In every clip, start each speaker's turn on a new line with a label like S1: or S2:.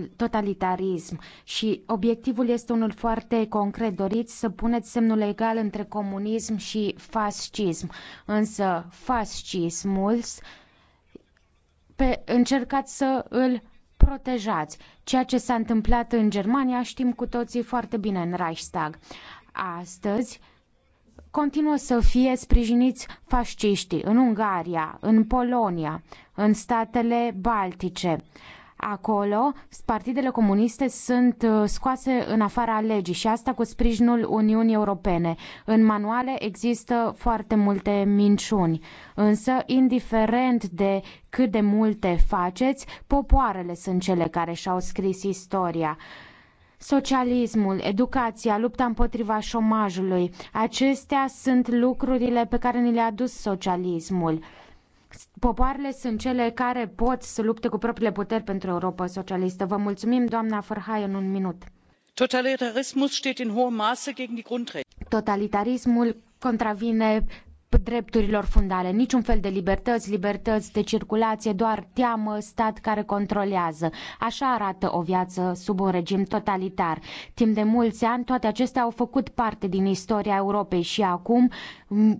S1: totalitarism și obiectivul este unul foarte concret. Doriți să puneți semnul egal între comunism și fascism, însă fascismul pe, încercați să îl protejați. Ceea ce s-a întâmplat în Germania știm cu toții foarte bine în Reichstag. Astăzi, continuă să fie sprijiniți fasciștii în Ungaria, în Polonia, în statele Baltice. Acolo, partidele comuniste sunt uh, scoase în afara legii și asta cu sprijinul Uniunii Europene. În manuale există foarte multe minciuni, însă, indiferent de cât de multe faceți, popoarele sunt cele care și-au scris istoria socialismul, educația, lupta împotriva șomajului, acestea sunt lucrurile pe care ni le-a dus socialismul. Popoarele sunt cele care pot să lupte cu propriile puteri pentru Europa socialistă. Vă mulțumim, doamna în un minut.
S2: Totalitarismul steht in hohem Maße gegen die Grundrechte.
S1: Totalitarismul contravine drepturilor fundale, niciun fel de libertăți, libertăți de circulație, doar teamă, stat care controlează. Așa arată o viață sub un regim totalitar. Timp de mulți ani, toate acestea au făcut parte din istoria Europei și acum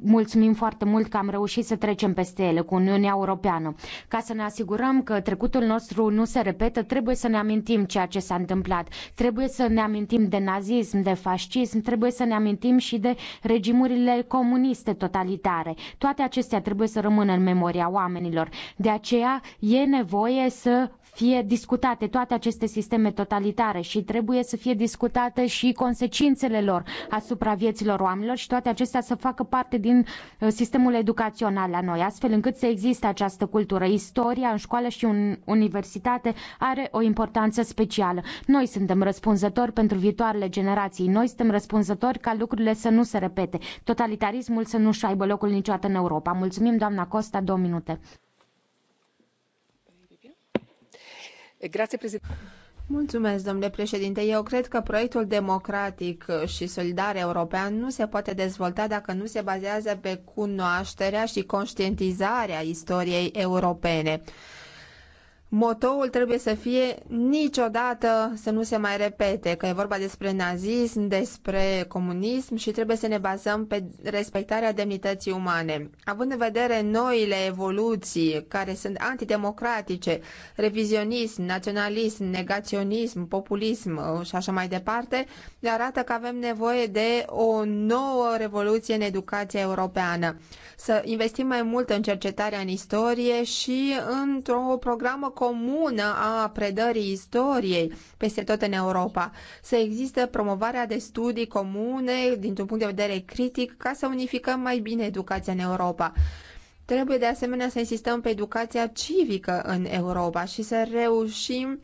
S1: mulțumim foarte mult că am reușit să trecem peste ele cu Uniunea Europeană. Ca să ne asigurăm că trecutul nostru nu se repetă, trebuie să ne amintim ceea ce s-a întâmplat. Trebuie să ne amintim de nazism, de fascism, trebuie să ne amintim și de regimurile comuniste totalitare militare. Toate acestea trebuie să rămână în memoria oamenilor. De aceea e nevoie să fie discutate toate aceste sisteme totalitare și trebuie să fie discutate și consecințele lor asupra vieților oamenilor și toate acestea să facă parte din uh, sistemul educațional la noi, astfel încât să existe această cultură. Istoria în școală și în universitate are o importanță specială. Noi suntem răspunzători pentru viitoarele generații. Noi suntem răspunzători ca lucrurile să nu se repete. Totalitarismul să nu-și aibă locul niciodată în Europa. Mulțumim, doamna Costa, două minute.
S3: Mulțumesc, domnule președinte. Eu cred că proiectul democratic și solidar european nu se poate dezvolta dacă nu se bazează pe cunoașterea și conștientizarea istoriei europene. Motoul trebuie să fie niciodată să nu se mai repete, că e vorba despre nazism, despre comunism și trebuie să ne bazăm pe respectarea demnității umane. Având în vedere noile evoluții care sunt antidemocratice, revizionism, naționalism, negaționism, populism uh, și așa mai departe, ne arată că avem nevoie de o nouă revoluție în educația europeană. Să investim mai mult în cercetarea în istorie și într-o programă comună a predării istoriei peste tot în Europa, să existe promovarea de studii comune dintr-un punct de vedere critic ca să unificăm mai bine educația în Europa. Trebuie de asemenea să insistăm pe educația civică în Europa și să reușim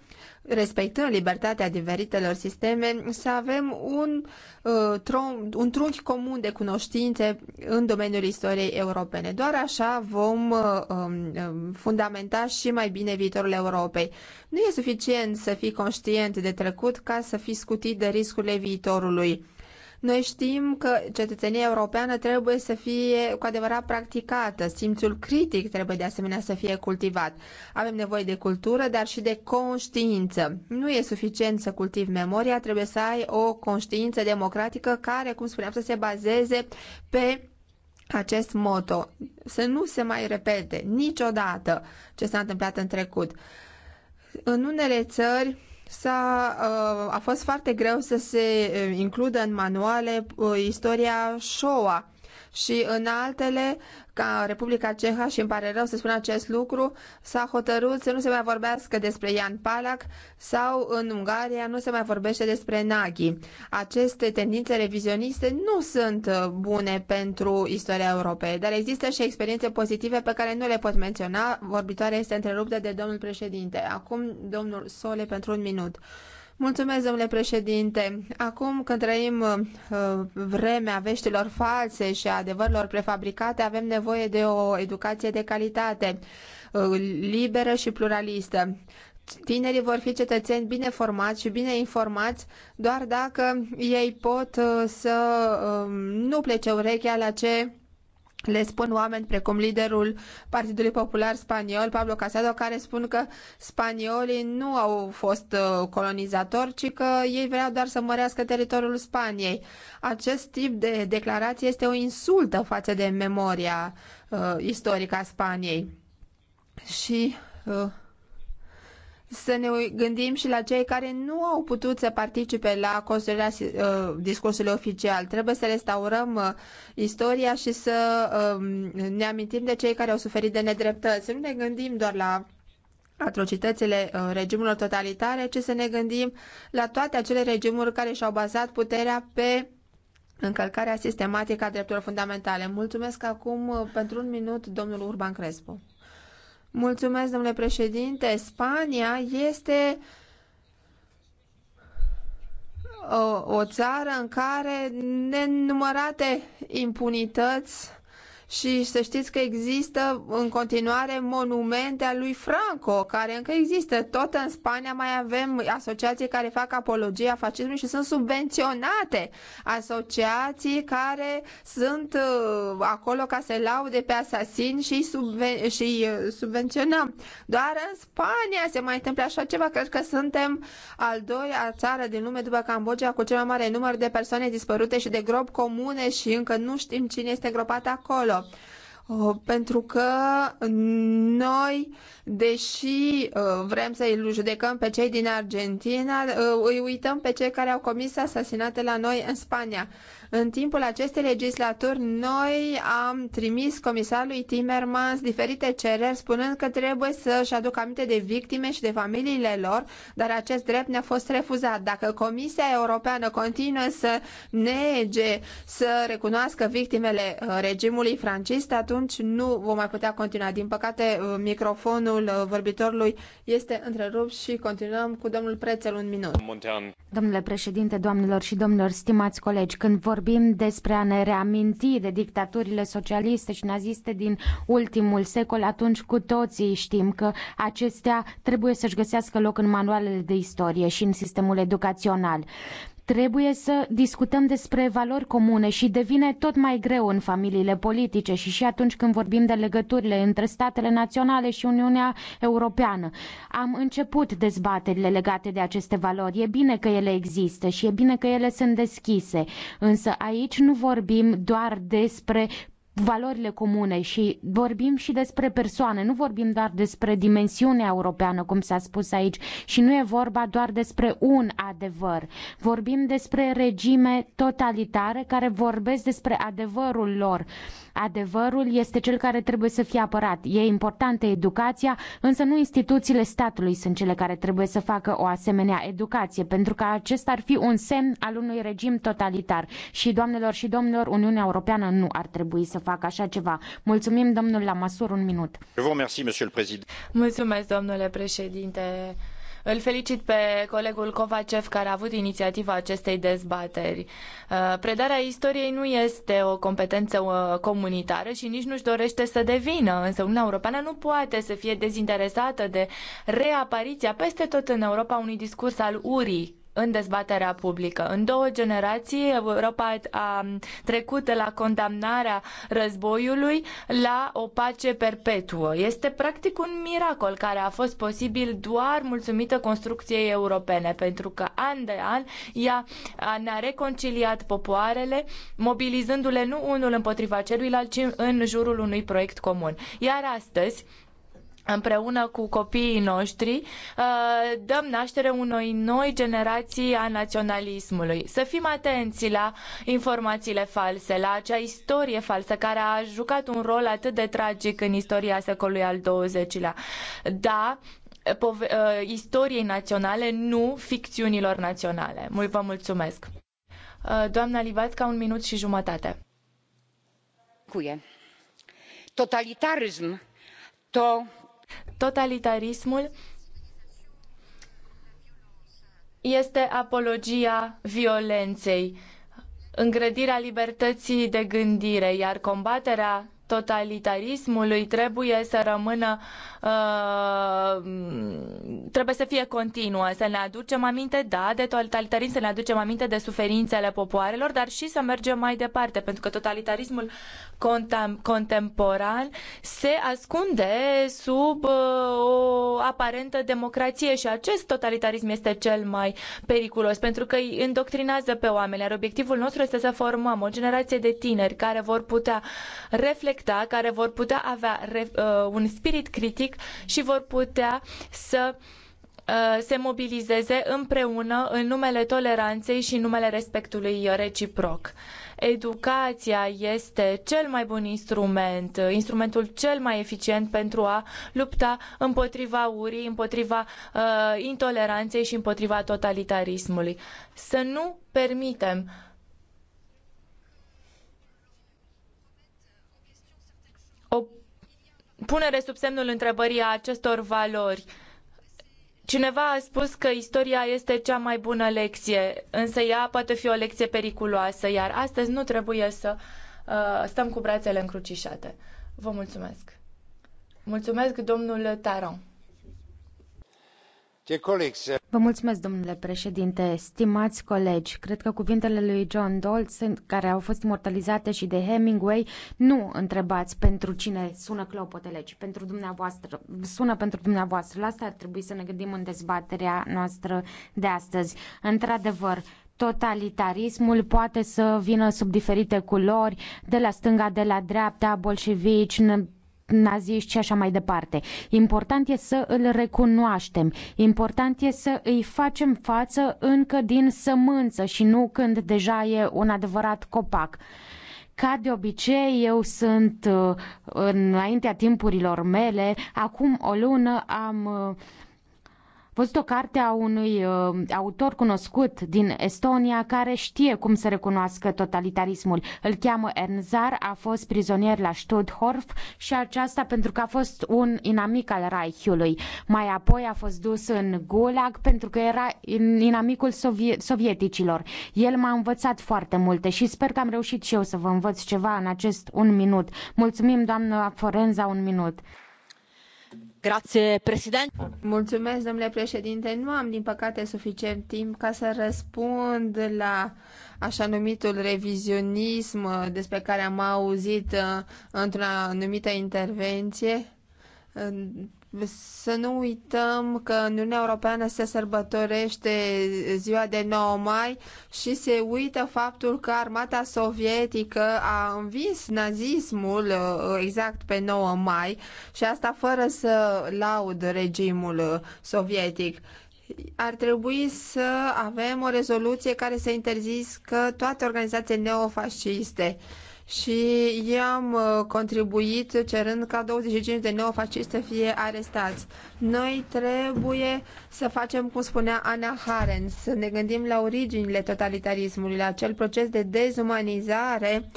S3: respectând libertatea diferitelor sisteme, să avem un, uh, tron, un trunchi comun de cunoștințe în domeniul istoriei europene. Doar așa vom uh, um, um, fundamenta și mai bine viitorul Europei. Nu e suficient să fii conștient de trecut ca să fii scutit de riscurile viitorului noi știm că cetățenia europeană trebuie să fie cu adevărat practicată, simțul critic trebuie de asemenea să fie cultivat. Avem nevoie de cultură, dar și de conștiință. Nu e suficient să cultivi memoria, trebuie să ai o conștiință democratică care, cum spuneam, să se bazeze pe acest moto, să nu se mai repete niciodată ce s-a întâmplat în trecut. În unele țări, S-a, uh, a fost foarte greu să se uh, includă în manuale uh, istoria Shoah și în altele, ca Republica Ceha, și îmi pare rău să spun acest lucru, s-a hotărât să nu se mai vorbească despre Ian Palac sau în Ungaria nu se mai vorbește despre Nagy. Aceste tendințe revizioniste nu sunt uh, bune pentru istoria Europei, dar există și experiențe pozitive pe care nu le pot menționa. Vorbitoarea este întreruptă de domnul președinte. Acum domnul Sole pentru un minut. Mulțumesc, domnule președinte. Acum când trăim uh, vremea veștilor false și adevărilor prefabricate, avem nevoie de o educație de calitate, uh, liberă și pluralistă. Tinerii vor fi cetățeni bine formați și bine informați doar dacă ei pot uh, să uh, nu plece urechea la ce le spun oameni precum liderul Partidului Popular Spaniol, Pablo Casado, care spun că spaniolii nu au fost uh, colonizatori, ci că ei vreau doar să mărească teritoriul Spaniei. Acest tip de declarație este o insultă față de memoria uh, istorică a Spaniei. Și uh, să ne gândim și la cei care nu au putut să participe la construirea uh, discursului oficial. Trebuie să restaurăm uh, istoria și să um, ne amintim de cei care au suferit de nedreptăți. Să nu ne gândim doar la atrocitățile uh, regimurilor totalitare, ci să ne gândim la toate acele regimuri care și-au bazat puterea pe încălcarea sistematică a drepturilor fundamentale. Mulțumesc acum pentru un minut domnul Urban Crespo. Mulțumesc, domnule președinte. Spania este o, uh, o țară în care nenumărate impunități și să știți că există în continuare monumente a lui Franco, care încă există. Tot în Spania mai avem asociații care fac apologia fascismului și sunt subvenționate. Asociații care sunt uh, acolo ca să laude pe asasin și, subven- și uh, subvenționăm. Doar în Spania se mai întâmplă așa ceva. Cred că suntem al doilea țară din lume după Cambodgia cu cel mai mare număr de persoane dispărute și de grob comune și încă nu știm cine este îngropat acolo. Uh, pentru că noi, deși uh, vrem să îi judecăm pe cei din Argentina, uh, îi uităm pe cei care au comis asasinate la noi în Spania. În timpul acestei legislaturi, noi am trimis comisarului Timmermans diferite cereri spunând că trebuie să-și aducă aminte de victime și de familiile lor, dar acest drept ne-a fost refuzat. Dacă Comisia Europeană continuă să nege, să recunoască victimele uh, regimului francist, atunci nu vom mai putea continua. Din păcate, uh, microfonul uh, vorbitorului este întrerupt și continuăm cu domnul Prețel
S1: un minut. Domnule președinte, doamnelor și domnilor, stimați colegi, când vor vorbim despre a ne reaminti de dictaturile socialiste și naziste din ultimul secol, atunci cu toții știm că acestea trebuie să-și găsească loc în manualele de istorie și în sistemul educațional. Trebuie să discutăm despre valori comune și devine tot mai greu în familiile politice și și atunci când vorbim de legăturile între statele naționale și Uniunea Europeană. Am început dezbaterile legate de aceste valori. E bine că ele există și e bine că ele sunt deschise. Însă aici nu vorbim doar despre valorile comune și vorbim și despre persoane, nu vorbim doar despre dimensiunea europeană, cum s-a spus aici, și nu e vorba doar despre un adevăr. Vorbim despre regime totalitare care vorbesc despre adevărul lor. Uh, Adevărul este cel care trebuie să fie apărat. E importantă educația, însă nu instituțiile statului sunt cele care trebuie să facă o asemenea educație, pentru că acesta ar fi un semn al unui regim totalitar. Și, doamnelor și domnilor, Uniunea Europeană nu ar trebui să facă așa ceva. Mulțumim, domnul Lamasur, un minut. Mulțumesc, domnule președinte. Îl felicit pe
S4: colegul Kovacev care a avut inițiativa acestei dezbateri. Uh, predarea istoriei nu este o competență uh, comunitară și nici nu-și dorește să devină, însă Uniunea Europeană nu poate să fie dezinteresată de reapariția peste tot în Europa unui discurs al urii în dezbaterea publică. În două generații, Europa a trecut de la condamnarea războiului la o pace perpetuă. Este practic un miracol care a fost posibil doar mulțumită construcției europene, pentru că an de an ea ne-a reconciliat popoarele, mobilizându-le nu unul împotriva celuilalt, ci în jurul unui proiect comun. Iar astăzi, împreună cu copiii noștri, uh, dăm naștere unei noi generații a naționalismului. Să fim atenți la informațiile false, la acea istorie falsă care a jucat un rol atât de tragic în istoria secolului al XX-lea. Da, uh, istoriei naționale, nu ficțiunilor naționale. Mult vă mulțumesc. Uh, doamna Livatca, un minut și jumătate.
S5: Cuie. Totalitarism to Totalitarismul
S4: este apologia violenței, îngrădirea libertății de gândire, iar combaterea totalitarismului trebuie să rămână Uh, trebuie să fie continuă, să ne aducem aminte, da, de totalitarism, să ne aducem aminte de suferințele popoarelor, dar și să mergem mai departe, pentru că totalitarismul contem contemporan se ascunde sub uh, o aparentă democrație și acest totalitarism este cel mai periculos, pentru că îi îndoctrinează pe oameni, iar obiectivul nostru este să formăm o generație de tineri care vor putea reflecta, care vor putea avea uh, un spirit critic politic și vor putea să uh, se mobilizeze împreună în numele toleranței și în numele respectului reciproc. Educația este cel mai bun instrument, uh, instrumentul cel mai eficient pentru a lupta împotriva urii, împotriva uh, intoleranței și împotriva totalitarismului. Să nu permitem uh, punere sub semnul întrebării a acestor valori. Cineva a spus că istoria este cea mai bună lecție, însă ea poate fi o lecție periculoasă, iar astăzi nu trebuie să uh, stăm cu brațele încrucișate. Vă mulțumesc. Mulțumesc, domnul Taron.
S1: Vă mulțumesc, domnule președinte, stimați colegi. Cred că cuvintele lui John Dole, care au fost mortalizate și de Hemingway, nu întrebați pentru cine sună clopotele, ci pentru dumneavoastră. Sună pentru dumneavoastră. La asta ar trebui să ne gândim în dezbaterea noastră de astăzi. Într-adevăr, totalitarismul poate să vină sub diferite culori, de la stânga, de la dreapta, bolșevici, naziști și așa mai departe. Important e să îl recunoaștem. Important e să îi facem față încă din sămânță și nu când deja e un adevărat copac. Ca de obicei, eu sunt uh, înaintea timpurilor mele. Acum o lună am uh, văzut o carte a unui uh, autor cunoscut din Estonia care știe cum să recunoască totalitarismul. Îl cheamă Ernzar, a fost prizonier la Stutthorf și aceasta pentru că a fost un inamic al Reichului. Mai apoi a fost dus în Gulag pentru că era inamicul sovie- sovieticilor. El m-a învățat foarte multe și sper că am reușit și eu să vă învăț ceva în acest un minut. Mulțumim, doamna Forenza, un minut.
S3: Mulțumesc, domnule președinte. Nu am, din păcate, suficient timp ca să răspund la așa numitul revizionism despre care am auzit uh, într-o anumită intervenție uh, să nu uităm că în Uniunea Europeană se sărbătorește ziua de 9 mai și se uită faptul că armata sovietică a învins nazismul uh, exact pe 9 mai și asta fără să laud regimul uh, sovietic. Ar trebui să avem o rezoluție care să interzică toate organizațiile neofasciste și eu am uh, contribuit cerând ca 25 de neofasciști să fie arestați. Noi trebuie să facem, cum spunea Ana Haren, să ne gândim la originile totalitarismului, la acel proces de dezumanizare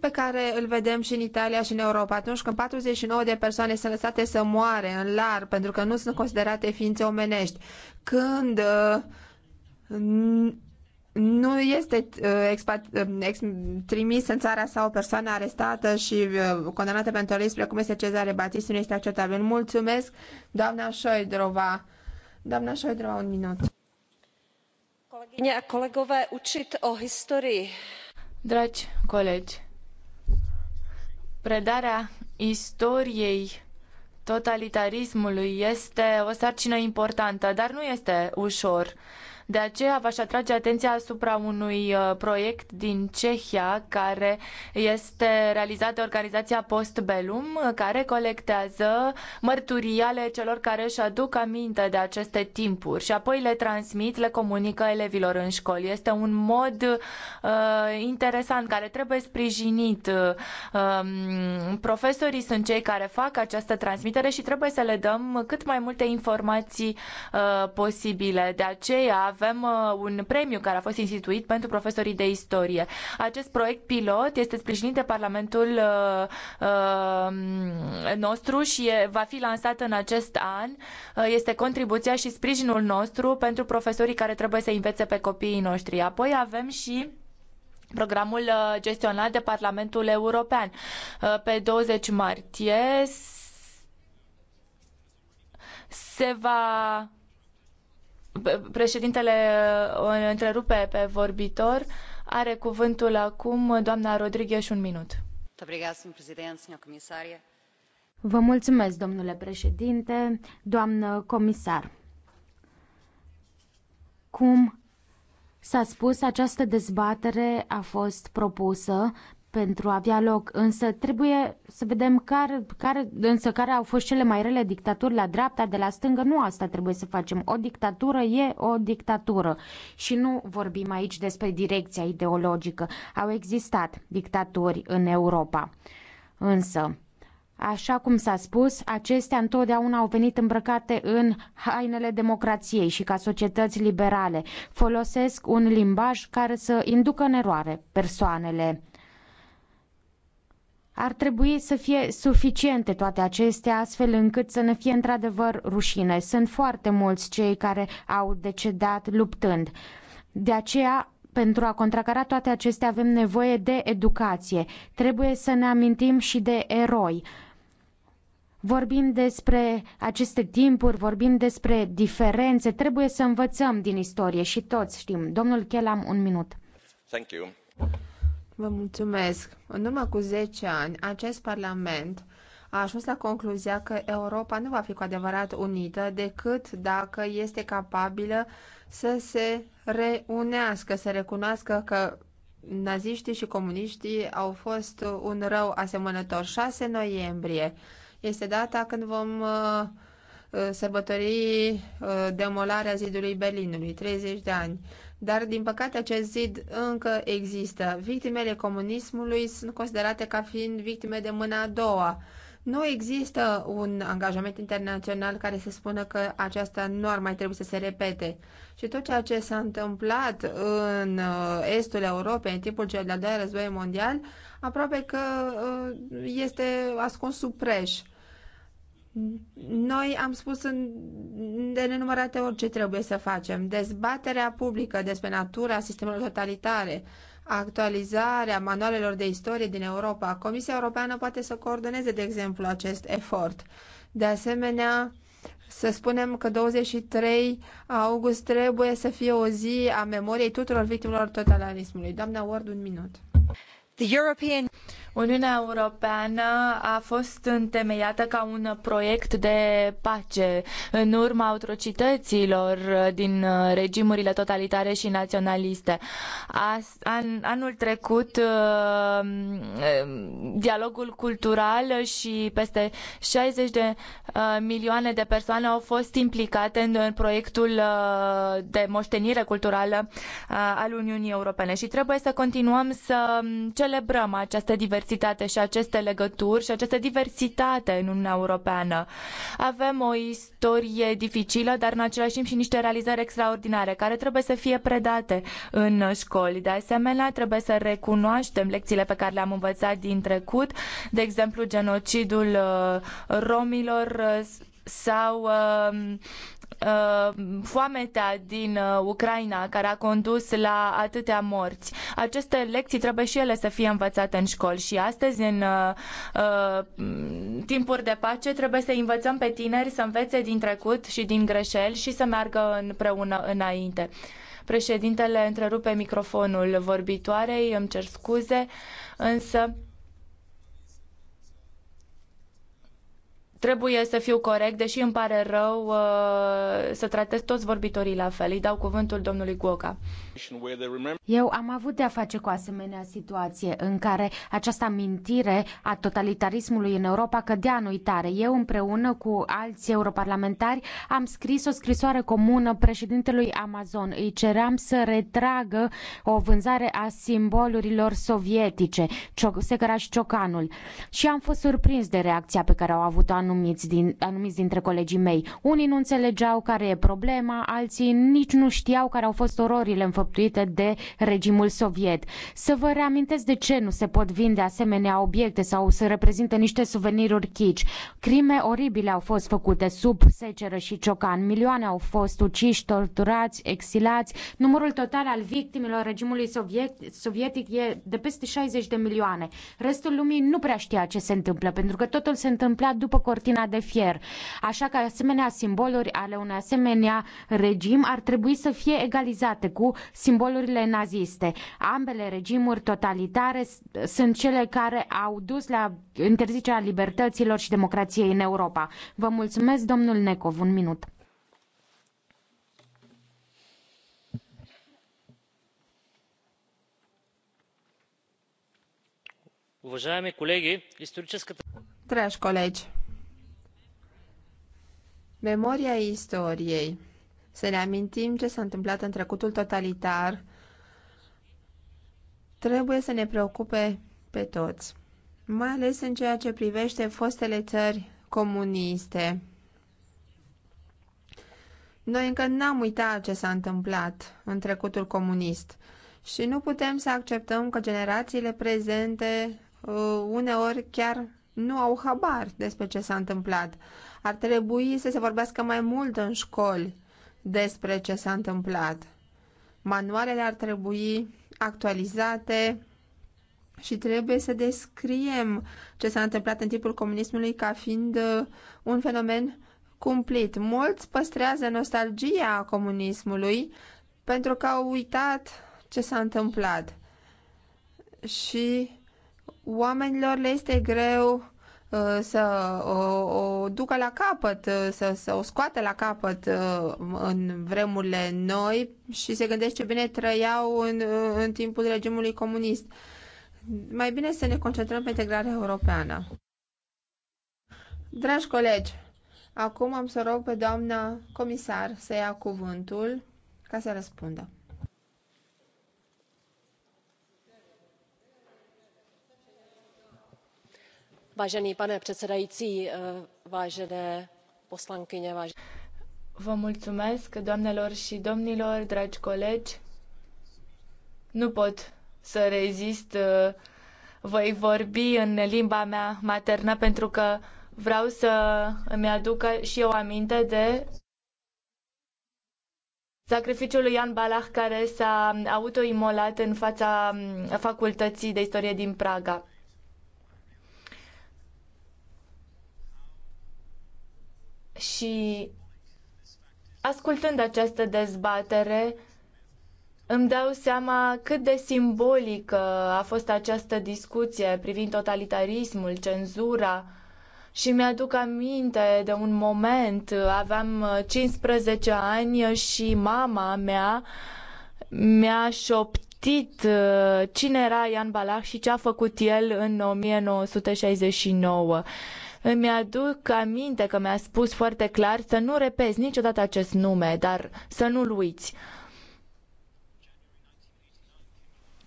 S3: pe care îl vedem și în Italia și în Europa. Atunci când 49 de persoane sunt lăsate să moare în lar pentru că nu sunt considerate ființe omenești, când uh, nu este uh, expat, uh, ex, trimis în țara sa o persoană arestată și uh, condamnată pentru list, cum este Cezare Batist, nu este acceptabil. Mulțumesc, doamna Șoidrova. Doamna Șoidrova, un minut. Colegine a ucit o istorie. Dragi
S4: colegi, predarea istoriei totalitarismului este o sarcină importantă, dar nu este ușor de aceea v-aș atrage atenția asupra unui uh, proiect din Cehia care este realizat de organizația Postbellum, uh, care colectează mărturii ale celor care își aduc aminte de aceste timpuri și apoi le transmit, le comunică elevilor în școli. Este un mod uh, interesant care trebuie sprijinit. Uh, um, profesorii sunt cei care fac această transmitere și trebuie să le dăm cât mai multe informații uh, posibile. De aceea avem uh, un premiu care a fost instituit pentru profesorii de istorie. Acest proiect pilot este sprijinit de Parlamentul uh, uh, nostru și va fi lansat în acest an. Este contribuția și sprijinul nostru pentru profesorii care trebuie să învețe pe copiii noștri. Apoi avem și programul gestionat de Parlamentul European. Pe 20 martie se va Președintele o întrerupe pe vorbitor. Are cuvântul acum doamna
S1: Rodriguez un minut. Vă mulțumesc, domnule președinte, doamnă comisar. Cum S-a spus, această dezbatere a fost propusă pentru a avea loc, însă trebuie să vedem care, care, însă care au fost cele mai rele dictaturi la dreapta, de la stângă, nu asta trebuie să facem. O dictatură e o dictatură și nu vorbim aici despre direcția ideologică. Au existat dictaturi în Europa, însă Așa cum s-a spus, acestea întotdeauna au venit îmbrăcate în hainele democrației și ca societăți liberale. Folosesc un limbaj care să inducă în eroare persoanele ar trebui să fie suficiente toate acestea astfel încât să ne fie într-adevăr rușine. Sunt foarte mulți cei care au decedat luptând. De aceea pentru a contracara toate acestea avem nevoie de educație. Trebuie să ne amintim și de eroi. Vorbim despre aceste timpuri, vorbim despre diferențe, trebuie să învățăm din istorie și toți știm. Domnul Chelam, un minut. Thank you. Vă mulțumesc.
S3: În urmă cu 10 ani, acest Parlament a ajuns la concluzia că Europa nu va fi cu adevărat unită decât dacă este capabilă să se reunească, să recunoască că naziștii și comuniștii au fost un rău asemănător. 6 noiembrie este data când vom uh, sărbători uh, demolarea zidului Berlinului, 30 de ani dar din păcate acest zid încă există. Victimele comunismului sunt considerate ca fiind victime de mâna a doua. Nu există un angajament internațional care să spună că aceasta nu ar mai trebui să se repete. Și tot ceea ce s-a întâmplat în uh, estul Europei în timpul celui de-al doilea război mondial aproape că uh, este ascuns sub preș. Noi am spus în, de nenumărate ori ce trebuie să facem. Dezbaterea publică despre natura sistemelor totalitare, actualizarea manualelor de istorie din Europa. Comisia Europeană poate să coordoneze, de exemplu, acest efort. De asemenea, să spunem că 23 august trebuie să fie o zi a memoriei tuturor victimelor totalitarismului. Doamna Ward, un minut. The European... Uniunea Europeană a fost întemeiată ca un proiect
S4: de pace în urma atrocităților din regimurile totalitare și naționaliste. anul trecut, uh, dialogul cultural și peste 60 de uh, milioane de persoane au fost implicate în proiectul uh, de moștenire culturală al Uniunii Europene și trebuie să continuăm să celebrăm această diversitate diversitate și aceste legături și această diversitate în Uniunea Europeană. Avem o istorie dificilă, dar în același timp și niște realizări extraordinare care trebuie să fie predate în școli. De asemenea, trebuie să recunoaștem lecțiile pe care le-am învățat din trecut, de exemplu genocidul uh, romilor uh, sau uh, Uh, foametea din uh, Ucraina care a condus la atâtea morți. Aceste lecții trebuie și ele să fie învățate în școli și astăzi, în uh, uh, timpuri de pace, trebuie să învățăm pe tineri să învețe din trecut și din greșeli și să meargă împreună înainte. Președintele întrerupe microfonul vorbitoarei, îmi cer scuze, însă Trebuie să fiu corect, deși îmi pare rău uh, să tratez toți vorbitorii la fel. Îi dau cuvântul
S1: domnului Guoca. Eu am avut de-a face cu asemenea situație în care această amintire a totalitarismului în Europa cădea în uitare. Eu împreună cu alți europarlamentari am scris o scrisoare comună președintelui Amazon. Îi ceream să retragă o vânzare a simbolurilor sovietice, secăra și ciocanul. Și am fost surprins de reacția pe care au avut-o anul anumiți, din, anumiți dintre colegii mei. Unii nu înțelegeau care e problema, alții nici nu știau care au fost ororile înfăptuite de regimul soviet. Să vă reamintesc de ce nu se pot vinde asemenea obiecte sau să reprezintă niște suveniruri chici. Crime oribile au fost făcute sub seceră și ciocan. Milioane au fost uciși, torturați, exilați. Numărul total al victimilor regimului soviet, sovietic e de peste 60 de milioane. Restul lumii nu prea știa ce se întâmplă, pentru că totul se întâmpla după cortina de fier. Așa că asemenea simboluri ale unui asemenea regim ar trebui să fie egalizate cu simbolurile naziste. Ambele regimuri totalitare sunt cele care au dus la interzicerea libertăților și democrației în Europa. Vă mulțumesc, domnul Necov, un minut.
S3: Dragi colegi, Memoria istoriei. Să ne amintim ce s-a întâmplat în trecutul totalitar trebuie să ne preocupe pe toți, mai ales în ceea ce privește fostele țări comuniste. Noi încă n-am uitat ce s-a întâmplat în trecutul comunist și nu putem să acceptăm că generațiile prezente uh, uneori chiar nu au habar despre ce s-a întâmplat. Ar trebui să se vorbească mai mult în școli despre ce s-a întâmplat. Manualele ar trebui actualizate și trebuie să descriem ce s-a întâmplat în timpul comunismului ca fiind uh, un fenomen cumplit. Mulți păstrează nostalgia comunismului pentru că au uitat ce s-a întâmplat. Și oamenilor le este greu uh, să o, o ducă la capăt, uh, să, să o scoată la capăt uh, în vremurile noi și se gândește ce bine trăiau în, în timpul regimului comunist. Mai bine să ne concentrăm pe integrarea europeană. Dragi colegi, acum am să rog pe doamna comisar să ia cuvântul ca să răspundă.
S4: pane předsedající eh, vážené poslankyně vážení poslanci și dragi colegi. Nu pot să rezist. Eh, voi vorbi în limba mea maternă pentru că vreau să îmi aduc și eu aminte de sacrificiul lui jn Balah care s-a autoimolat în fața mm, facultății de istorie din Praga. Și ascultând această dezbatere, îmi dau seama cât de simbolică a fost această discuție privind totalitarismul, cenzura și mi-aduc aminte de un moment, aveam 15 ani și mama mea mi-a șoptit uh, cine era Ian Balach și ce a făcut el în 1969. Îmi aduc aminte că mi-a spus foarte clar să nu repezi niciodată acest nume, dar să nu-l uiți.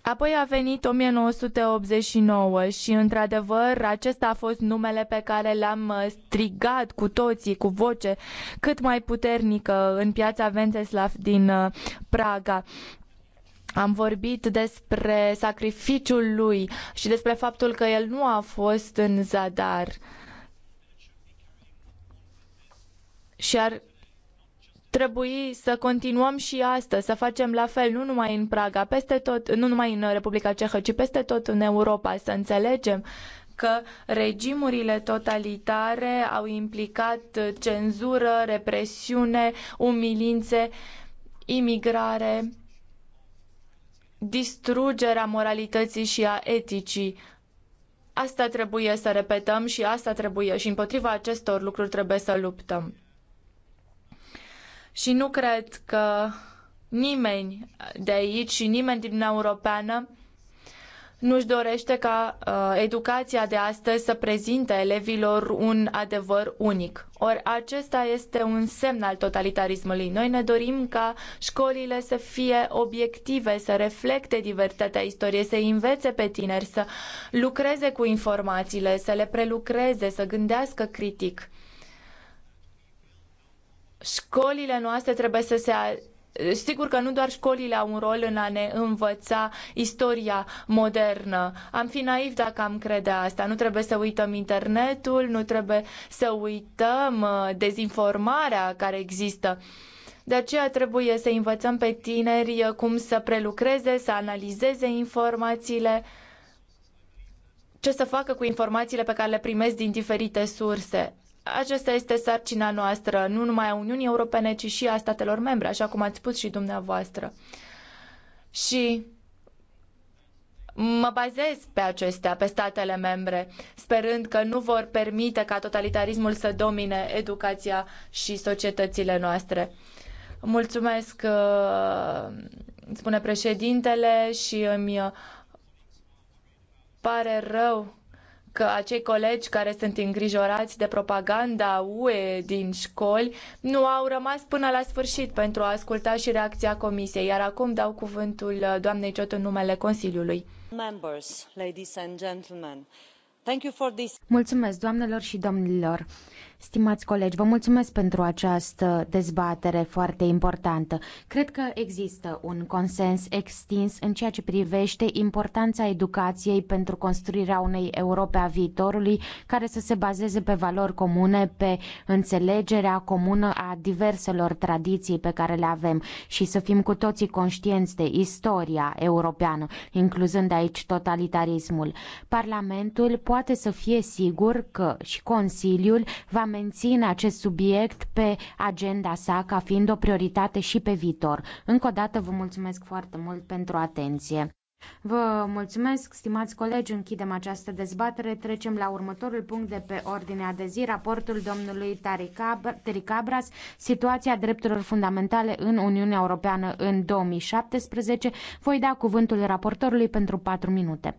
S4: Apoi a venit 1989 și, într-adevăr, acesta a fost numele pe care l-am uh, strigat cu toții, cu voce cât mai puternică în piața Venceslav din uh, Praga. Am vorbit despre sacrificiul lui și despre faptul că el nu a fost în zadar. și ar trebui să continuăm și astăzi, să facem la fel, nu numai în Praga, peste tot, nu numai în Republica Cehă, ci peste tot în Europa, să înțelegem că regimurile totalitare au implicat cenzură, represiune, umilințe, imigrare, distrugerea moralității și a eticii. Asta trebuie să repetăm și asta trebuie și împotriva acestor lucruri trebuie să luptăm. Și nu cred că nimeni de aici și nimeni din Uniunea Europeană nu-și dorește ca uh, educația de astăzi să prezinte elevilor un adevăr unic. Ori acesta este un semn al totalitarismului. Noi ne dorim ca școlile să fie obiective, să reflecte diversitatea istoriei, să învețe pe tineri, să lucreze cu informațiile, să le prelucreze, să gândească critic. Școlile noastre trebuie să se Sigur că nu doar școlile au un rol în a ne învăța istoria modernă. Am fi naiv dacă am crede asta. Nu trebuie să uităm internetul, nu trebuie să uităm uh, dezinformarea care există. De aceea trebuie să învățăm pe tineri uh, cum să prelucreze, să analizeze informațiile, ce să facă cu informațiile pe care le primesc din diferite surse aceasta este sarcina noastră, nu numai a Uniunii Europene, ci și a statelor membre, așa cum ați spus și dumneavoastră. Și mă bazez pe acestea, pe statele membre, sperând că nu vor permite ca totalitarismul să domine educația și societățile noastre. Mulțumesc, uh, spune președintele, și îmi pare rău că acei colegi care sunt îngrijorați de propaganda UE din școli nu au rămas până la sfârșit pentru a asculta și reacția comisiei, iar acum dau cuvântul uh, doamnei Ciot în numele Consiliului.
S6: Members, ladies and
S1: gentlemen. Mulțumesc, doamnelor și domnilor. Stimați colegi, vă mulțumesc pentru această dezbatere foarte importantă. Cred că există un consens extins în ceea ce privește importanța educației pentru construirea unei Europe a viitorului care să se bazeze pe valori comune, pe înțelegerea comună a diverselor tradiții pe care le avem și să fim cu toții conștienți de istoria europeană, incluzând aici totalitarismul. Parlamentul poate să fie sigur că și Consiliul va menține acest subiect pe agenda sa ca fiind o prioritate și pe viitor. Încă o dată vă mulțumesc foarte mult pentru atenție. Vă mulțumesc, stimați colegi, închidem această dezbatere. Trecem la următorul punct de pe ordinea de zi, raportul domnului Tericabras, situația drepturilor fundamentale în Uniunea Europeană în 2017. Voi da cuvântul raportorului pentru 4 minute.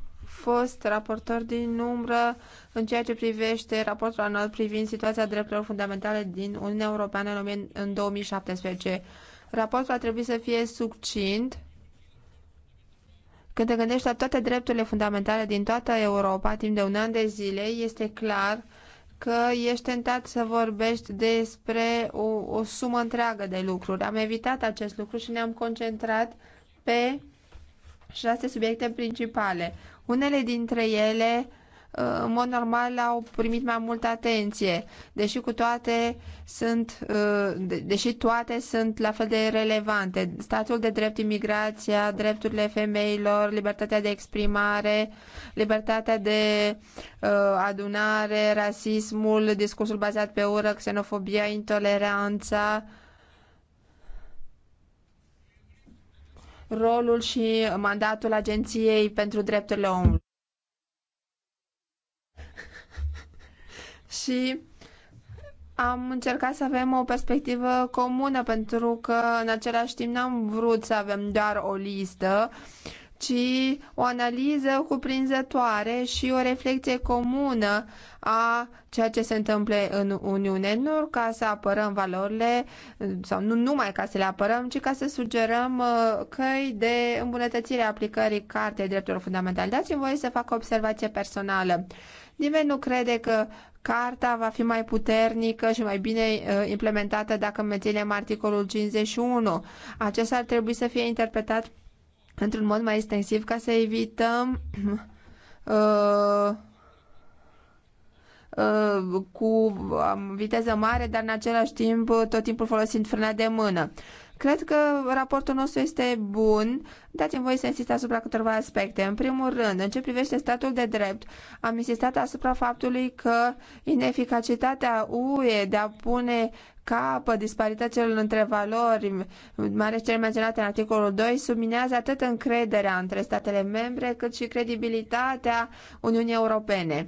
S3: fost raportor din umbră în ceea ce privește raportul anual privind situația drepturilor fundamentale din Uniunea Europeană în 2017. Raportul a trebuit să fie succint când te gândești la toate drepturile fundamentale din toată Europa timp de un an de zile, este clar că ești tentat să vorbești despre o, o sumă întreagă de lucruri. Am evitat acest lucru și ne-am concentrat pe șase subiecte principale. Unele dintre ele uh, în mod normal au primit mai multă atenție, deși cu toate sunt, uh, deși toate sunt la fel de relevante. Statul de drept, imigrația, drepturile femeilor, libertatea de exprimare, libertatea de uh, adunare, rasismul, discursul bazat pe ură, xenofobia, intoleranța, rolul și mandatul Agenției pentru Drepturile Omului. și am încercat să avem o perspectivă comună pentru că în același timp n-am vrut să avem doar o listă ci o analiză cuprinzătoare și o reflecție comună a ceea ce se întâmplă în Uniune, nu ca să apărăm valorile, sau nu numai ca să le apărăm, ci ca să sugerăm uh, căi de îmbunătățire a aplicării Cartei Drepturilor Fundamentale. Dați-mi voie să fac o observație personală. Nimeni nu crede că Carta va fi mai puternică și mai bine uh, implementată dacă menținem articolul 51. Acesta ar trebui să fie interpretat într-un mod mai extensiv ca să evităm uh, uh, cu viteză mare, dar în același timp tot timpul folosind frâna de mână. Cred că raportul nostru este bun. Dați-mi voi să insist asupra câteva aspecte. În primul rând, în ce privește statul de drept, am insistat asupra faptului că ineficacitatea UE de a pune capă disparităților între valori, mai ales cele menționate în articolul 2, subminează atât încrederea între statele membre, cât și credibilitatea Uniunii Europene.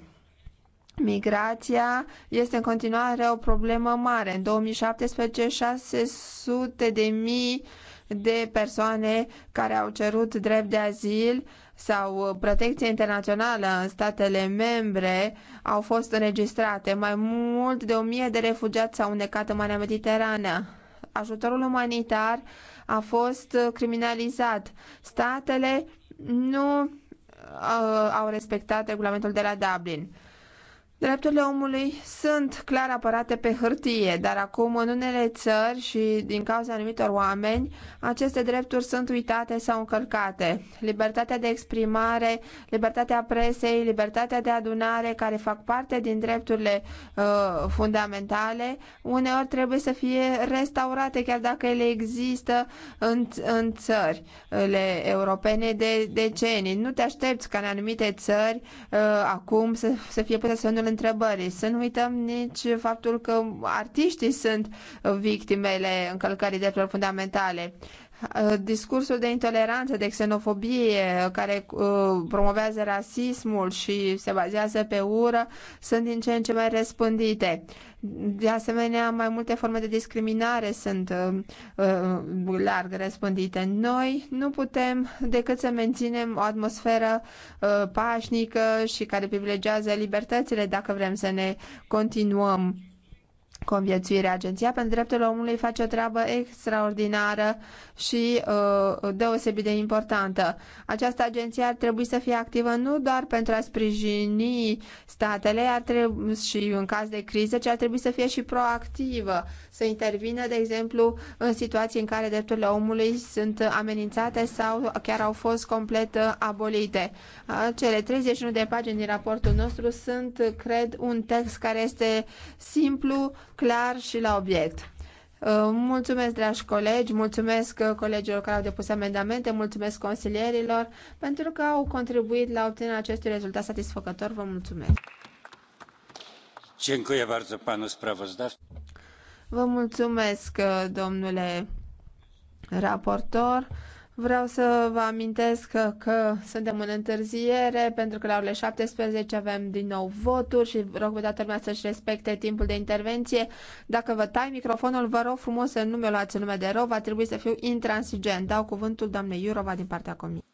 S3: Migrația este în continuare o problemă mare. În 2017, 600 de mii de persoane care au cerut drept de azil sau uh, protecție internațională în statele membre au fost înregistrate. Mai mult de 1.000 de refugiați s-au unecat în Marea Mediterană. Ajutorul umanitar a fost uh, criminalizat. Statele nu uh, au respectat regulamentul de la Dublin. Drepturile omului sunt clar apărate pe hârtie, dar acum în unele țări și din cauza anumitor oameni, aceste drepturi sunt uitate sau încălcate. Libertatea de exprimare, libertatea presei, libertatea de adunare, care fac parte din drepturile uh, fundamentale, uneori trebuie să fie restaurate, chiar dacă ele există în, în țări europene de decenii. Nu te aștepți ca în anumite țări uh, acum să, să fie puse le întrebării. Să nu uităm nici faptul că artiștii sunt victimele încălcării drepturilor fundamentale. Uh, discursul de intoleranță, de xenofobie, care uh, promovează rasismul și se bazează pe ură, sunt din ce în ce mai răspândite. De asemenea, mai multe forme de discriminare sunt uh, larg răspândite. Noi nu putem decât să menținem o atmosferă pașnică și care privilegiază libertățile dacă vrem să ne continuăm conviețuire. Agenția pentru Drepturile Omului face o treabă extraordinară și uh, deosebit de importantă. Această agenție ar trebui să fie activă nu doar pentru a sprijini statele ar trebui, și în caz de criză, ci ar trebui să fie și proactivă, să intervină, de exemplu, în situații în care drepturile omului sunt amenințate sau chiar au fost complet uh, abolite. Uh, cele 31 de pagini din raportul nostru sunt, cred, un text care este simplu, clar și la obiect. Uh, mulțumesc, dragi colegi, mulțumesc uh, colegilor care au depus amendamente, mulțumesc consilierilor pentru că au contribuit la obținerea acestui rezultat satisfăcător. Vă mulțumesc! Vă mulțumesc, uh, domnule raportor. Vreau să vă amintesc că, că suntem în întârziere pentru că la orele 17 avem din nou voturi și rog pe toată lumea să-și respecte timpul de intervenție. Dacă vă tai microfonul, vă rog frumos să nu mi-o luați în nume de rău, va trebui să fiu intransigent. Dau cuvântul doamnei Iurova din partea comisiei.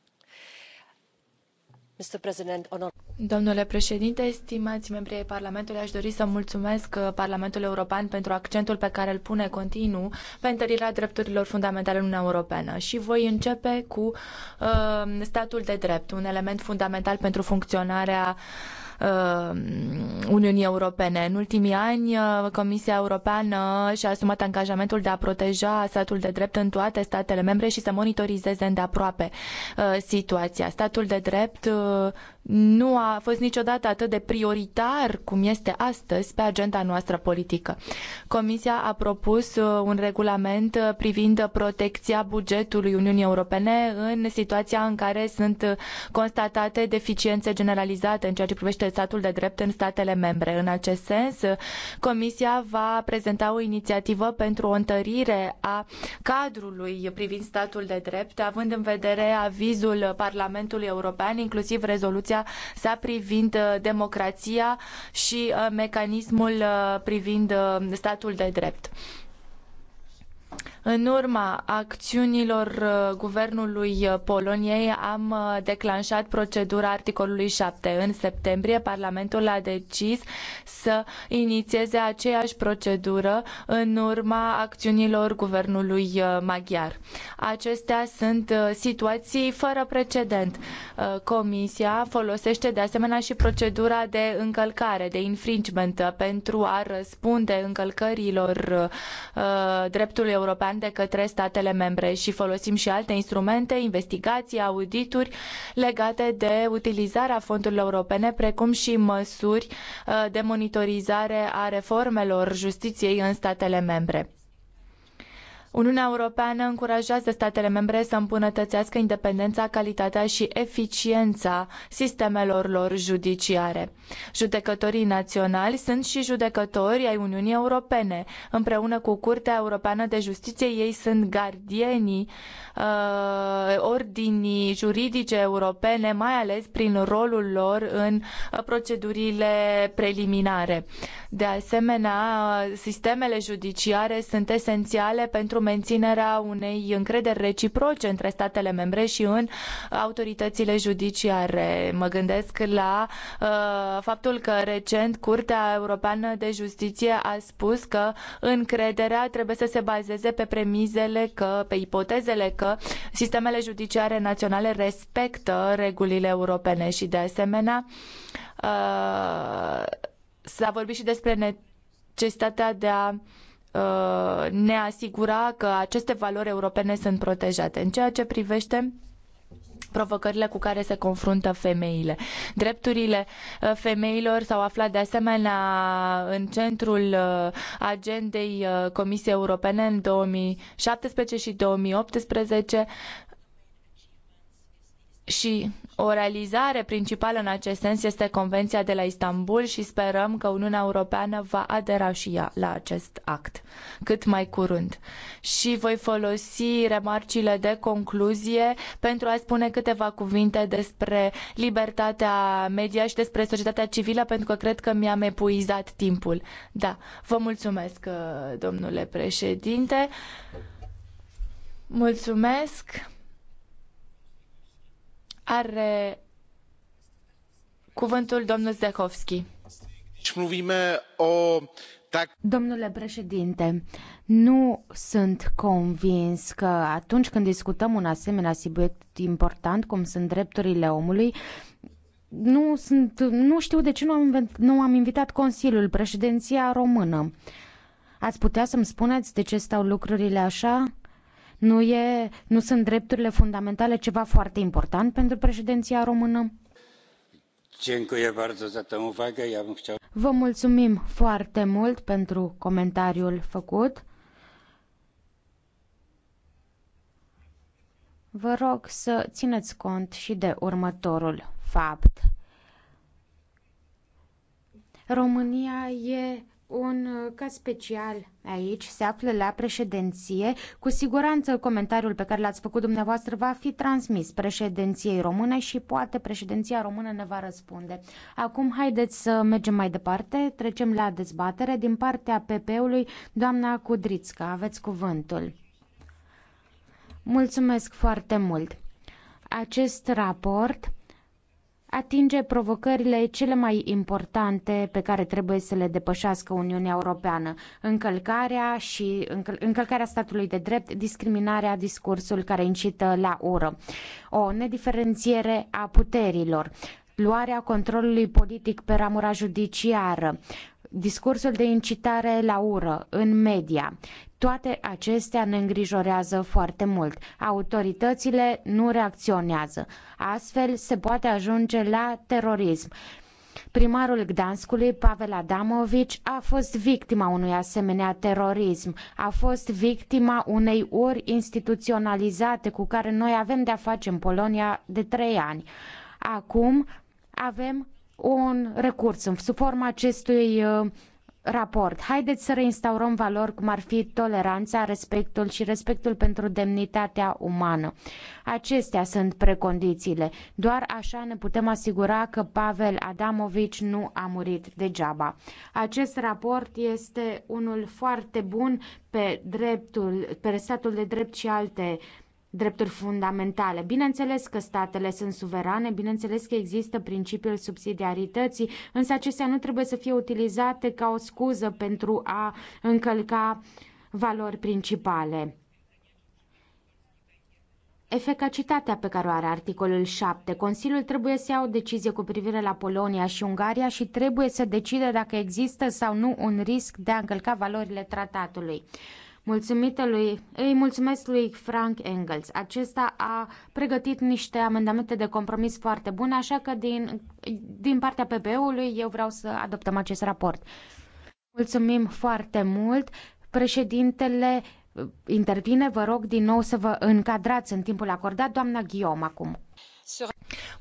S3: Domnule
S4: președinte, stimați membri ai Parlamentului, aș dori să mulțumesc uh, Parlamentului European pentru accentul pe care îl pune continuu pe întărirea drepturilor fundamentale în Uniunea Europeană. Și voi începe cu uh, statul de drept, un element fundamental pentru funcționarea uh, Uh, Uniunii Europene. În ultimii ani, uh, Comisia Europeană și-a asumat angajamentul de a proteja statul de drept în toate statele membre și să monitorizeze îndeaproape uh, situația. Statul de drept nu a fost niciodată atât de prioritar cum este astăzi pe agenda noastră politică. Comisia a propus un regulament privind protecția bugetului Uniunii Europene în situația în care sunt constatate deficiențe generalizate în ceea ce privește statul de drept în statele membre. În acest sens, Comisia va prezenta o inițiativă pentru o întărire a cadrului privind statul de drept, având în vedere avizul Parlamentului European, inclusiv rezoluția sa privind uh, democrația și uh, mecanismul uh, privind statul de drept. În urma acțiunilor uh, guvernului uh, Poloniei am uh, declanșat procedura articolului 7. În septembrie, Parlamentul a decis să inițieze aceeași procedură în urma acțiunilor guvernului maghiar. Acestea sunt situații fără precedent. Comisia folosește de asemenea și procedura de încălcare, de infringement, pentru a răspunde încălcărilor dreptului european european de către statele membre și folosim și alte instrumente, investigații, audituri legate de utilizarea fondurilor europene, precum și măsuri uh, de monitorizare a reformelor justiției în statele membre. Uniunea Europeană încurajează statele membre să îmbunătățească independența, calitatea și eficiența sistemelor lor judiciare. Judecătorii naționali sunt și judecători ai Uniunii Europene. Împreună cu Curtea Europeană de Justiție, ei sunt gardienii uh, ordinii juridice europene, mai ales prin rolul lor în uh, procedurile preliminare. De asemenea, uh, sistemele judiciare sunt esențiale pentru pentru menținerea unei încrederi reciproce între statele membre și în autoritățile judiciare. Mă gândesc la uh, faptul că recent Curtea Europeană de Justiție a spus că încrederea trebuie să se bazeze pe premizele că, pe ipotezele că sistemele judiciare naționale respectă regulile europene și de asemenea uh, s-a vorbit și despre necesitatea de a Uh, ne asigura că aceste valori europene sunt protejate. În ceea ce privește provocările cu care se confruntă femeile. Drepturile uh, femeilor s-au aflat de asemenea în centrul uh, agendei Comisiei Europene în 2017 și 2018 și o realizare principală în acest sens este Convenția de la Istanbul și sperăm că Uniunea Europeană va adera și ea la acest act cât mai curând. Și voi folosi remarcile de concluzie pentru a spune câteva cuvinte despre libertatea media și despre societatea civilă, pentru că cred că mi-am epuizat timpul. Da, vă mulțumesc, domnule președinte. Mulțumesc. Are cuvântul domnul
S1: Zdechovski. Domnule președinte, nu sunt convins că atunci când discutăm un asemenea subiect important cum sunt drepturile omului, nu, sunt, nu știu de ce nu am, nu am invitat Consiliul, președinția română. Ați putea să-mi spuneți de ce stau lucrurile așa? Nu, e, nu sunt drepturile fundamentale ceva foarte important pentru președinția română? Vă mulțumim foarte mult pentru comentariul făcut. Vă rog să țineți cont și de următorul fapt. România e un uh, caz special aici se află la președinție. Cu siguranță comentariul pe care l-ați făcut dumneavoastră va fi transmis președinției române și poate președinția română ne va răspunde. Acum haideți să mergem mai departe. Trecem la dezbatere din partea PP-ului. Doamna Cudrițca, aveți cuvântul. Mulțumesc foarte mult. Acest raport atinge provocările cele mai importante pe care trebuie să le depășească Uniunea Europeană. Încălcarea și încăl- încălcarea statului de drept, discriminarea, discursul care incită la ură. O nediferențiere a puterilor, luarea controlului politic pe ramura judiciară, discursul de incitare la ură în media, toate acestea ne îngrijorează foarte mult. Autoritățile nu reacționează. Astfel se poate ajunge la terorism. Primarul Gdanskului, Pavel Adamovici, a fost victima unui asemenea terorism, a fost victima unei ori instituționalizate cu care noi avem de-a face în Polonia de trei ani. Acum avem un recurs în sub forma acestui uh, raport. Haideți să reinstaurăm valori cum ar fi toleranța, respectul și respectul pentru demnitatea umană. Acestea sunt precondițiile. Doar așa ne putem asigura că Pavel Adamovici nu a murit degeaba. Acest raport este unul foarte bun pe dreptul, pe statul de drept și alte uh, drepturi fundamentale. Bineînțeles că statele sunt suverane, bineînțeles că există principiul subsidiarității, însă acestea nu trebuie să fie utilizate ca o scuză pentru a încălca valori principale. Efecacitatea pe care o are articolul 7. Consiliul trebuie să ia o decizie cu privire la Polonia și Ungaria și trebuie să decide dacă există sau nu un risc de a încălca valorile tratatului. Mulțumită lui, îi mulțumesc lui Frank Engels. Acesta a pregătit niște amendamente de compromis foarte bune, așa că din, din partea PPE-ului eu vreau să adoptăm acest raport. Mulțumim foarte mult. Președintele intervine, vă rog din nou să vă încadrați în timpul acordat. Doamna Ghiom acum.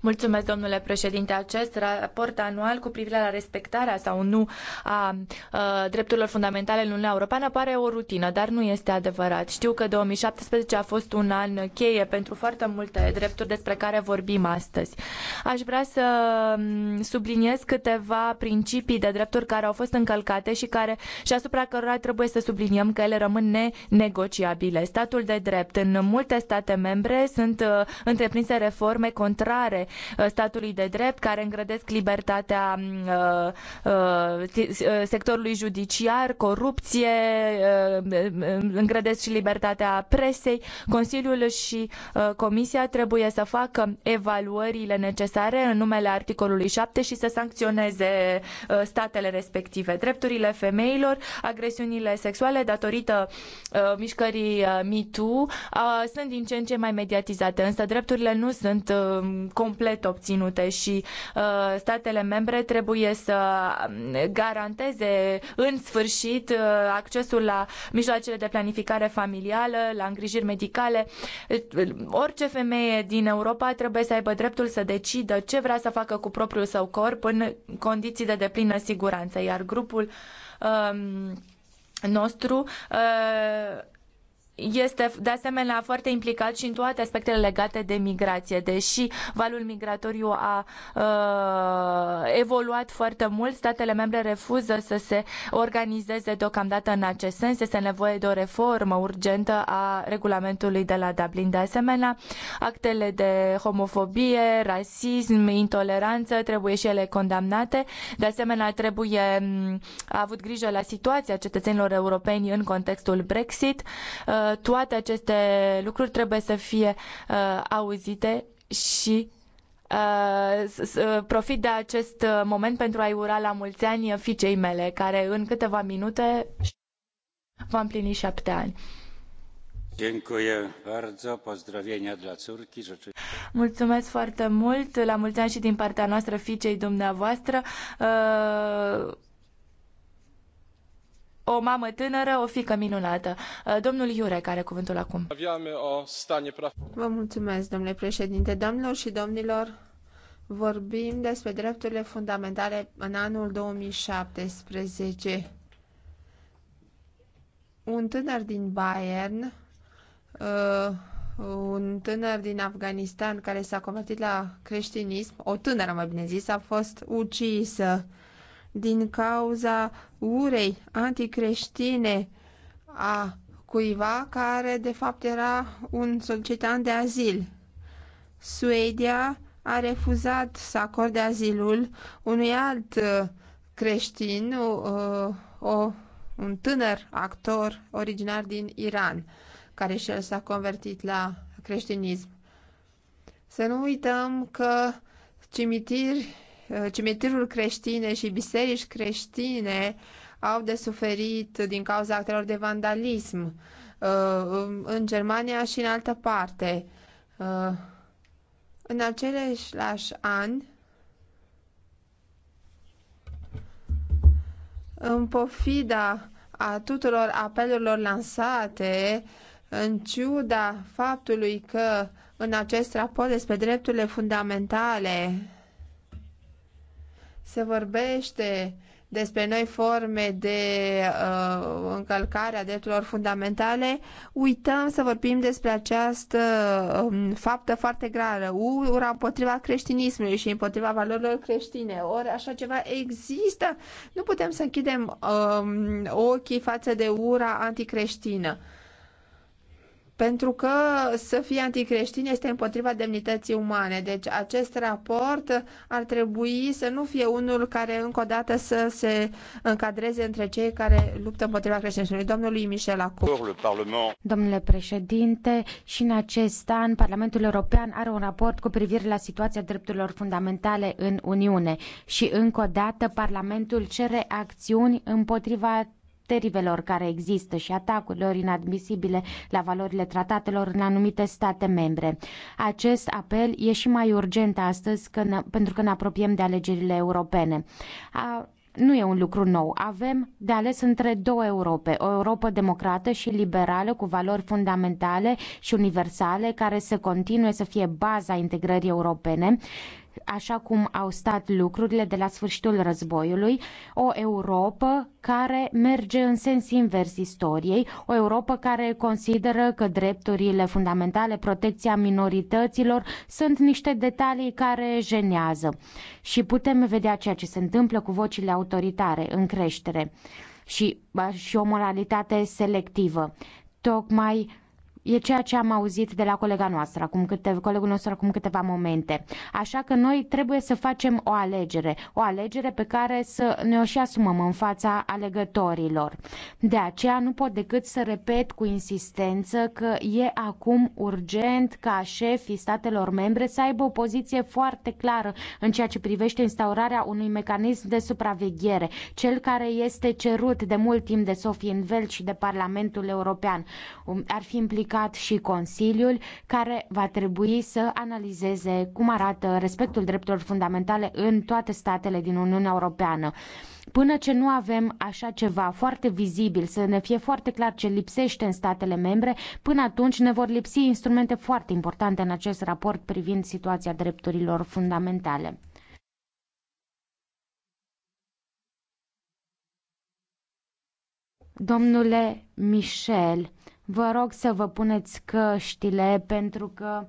S4: Mulțumesc, domnule președinte. Acest raport anual cu privire la respectarea sau nu a, a drepturilor fundamentale în Uniunea Europeană pare o rutină, dar nu este adevărat. Știu că 2017 a fost un an cheie pentru foarte multe drepturi despre care vorbim astăzi. Aș vrea să subliniez câteva principii de drepturi care au fost încălcate și care și asupra cărora trebuie să subliniem că ele rămân nenegociabile. Statul de drept în multe state membre sunt uh, întreprinse reforme contrare uh, statului de drept, care îngrădesc libertatea mm, uh, uh, sectorului judiciar, corupție, mm, îngrădesc și libertatea presei. Consiliul și Comisia trebuie să facă evaluările necesare în numele articolului 7 și să sancționeze statele respective. Drepturile femeilor, agresiunile sexuale datorită mișcării MeToo sunt din ce în ce mai mediatizate, însă drepturile nu sunt Um, complet obținute și uh, statele membre trebuie să garanteze în sfârșit uh, accesul la mijloacele de planificare familială, la îngrijiri medicale. Orice femeie din Europa trebuie să aibă dreptul să decidă ce vrea să facă cu propriul său corp în condiții de deplină siguranță, iar grupul um, nostru uh, este de asemenea foarte implicat și în toate aspectele legate de migrație. Deși valul migratoriu a uh, evoluat foarte mult, statele membre refuză să se organizeze deocamdată în acest sens. Este nevoie de o reformă urgentă a regulamentului de la Dublin. De asemenea, actele de homofobie, rasism, intoleranță trebuie și ele condamnate. De asemenea, trebuie mm, avut grijă la situația cetățenilor europeni în contextul Brexit. Uh, toate aceste lucruri trebuie să fie uh, auzite și uh, profit de acest moment pentru a-i ura la mulți ani fiicei mele, care în câteva minute va împlini șapte ani. Mulțumesc foarte mult, la mulți ani și din partea noastră fiicei dumneavoastră. Uh, o mamă tânără, o fică minunată.
S3: Uh, domnul Iure, care cuvântul acum. Vă mulțumesc, domnule președinte. domnilor și domnilor, vorbim despre drepturile fundamentale în anul 2017. Un tânăr din Bayern, uh, un tânăr din Afganistan care s-a convertit la creștinism, o tânără mai bine zis, a fost ucisă din cauza urei anticreștine a cuiva care de fapt era un solicitant de azil. Suedia a refuzat să acorde azilul unui alt uh, creștin, o, uh, o, un tânăr actor originar din Iran, care și el s-a convertit la creștinism. Să nu uităm că cimitiri Uh, cimitirul creștine și biserici creștine au de suferit din cauza actelor de vandalism uh, în Germania și în altă parte. Uh, în același an, în pofida a tuturor apelurilor lansate, în ciuda faptului că în acest raport despre drepturile fundamentale se vorbește despre noi forme de uh, încălcare a drepturilor fundamentale, uităm să vorbim despre această um, faptă foarte gravă, ura împotriva creștinismului și împotriva valorilor creștine. Ori așa ceva există. Nu putem să închidem um, ochii față de ura anticreștină. Uh, pentru că să fii anticreștin este împotriva demnității umane. Deci acest raport ar trebui să nu fie unul care încă o dată să se încadreze între cei care luptă împotriva creștinismului. Domnului Michel acum.
S1: Domnule președinte, și în acest an Parlamentul European are un raport cu privire la situația drepturilor fundamentale în Uniune și încă o dată Parlamentul cere acțiuni împotriva derivelor care există și atacurilor inadmisibile la valorile tratatelor în anumite state membre. Acest apel e și mai urgent astăzi că ne, pentru că ne apropiem de alegerile europene. A, nu e un lucru nou. Avem de ales între două Europe, o Europă democrată și liberală cu valori fundamentale și universale care să continue să fie baza integrării europene așa cum au stat lucrurile de la sfârșitul războiului, o Europa care merge în sens invers istoriei, o Europa care consideră că drepturile fundamentale, protecția minorităților sunt niște detalii care jenează. Și putem vedea ceea ce se întâmplă cu vocile autoritare în creștere și, și o moralitate selectivă. Tocmai E ceea ce am auzit de la colega noastră acum câte, colegul nostru acum câteva momente. Așa că noi trebuie să facem o alegere, o alegere pe care să ne o și asumăm în fața alegătorilor. De aceea nu pot decât să repet cu insistență că e acum urgent ca șefii statelor membre să aibă o poziție foarte clară în ceea ce privește instaurarea unui mecanism de supraveghere, cel care este cerut de mult timp de Sofie Invel și de Parlamentul European. Um, ar fi implicat implicat și Consiliul, care va trebui să analizeze cum arată respectul drepturilor fundamentale în toate statele din Uniunea Europeană. Până ce nu avem așa ceva foarte vizibil, să ne fie foarte clar ce lipsește în statele membre, până atunci ne vor lipsi instrumente foarte importante în acest raport privind situația drepturilor fundamentale. Domnule Michel, Vă rog să vă puneți căștile pentru că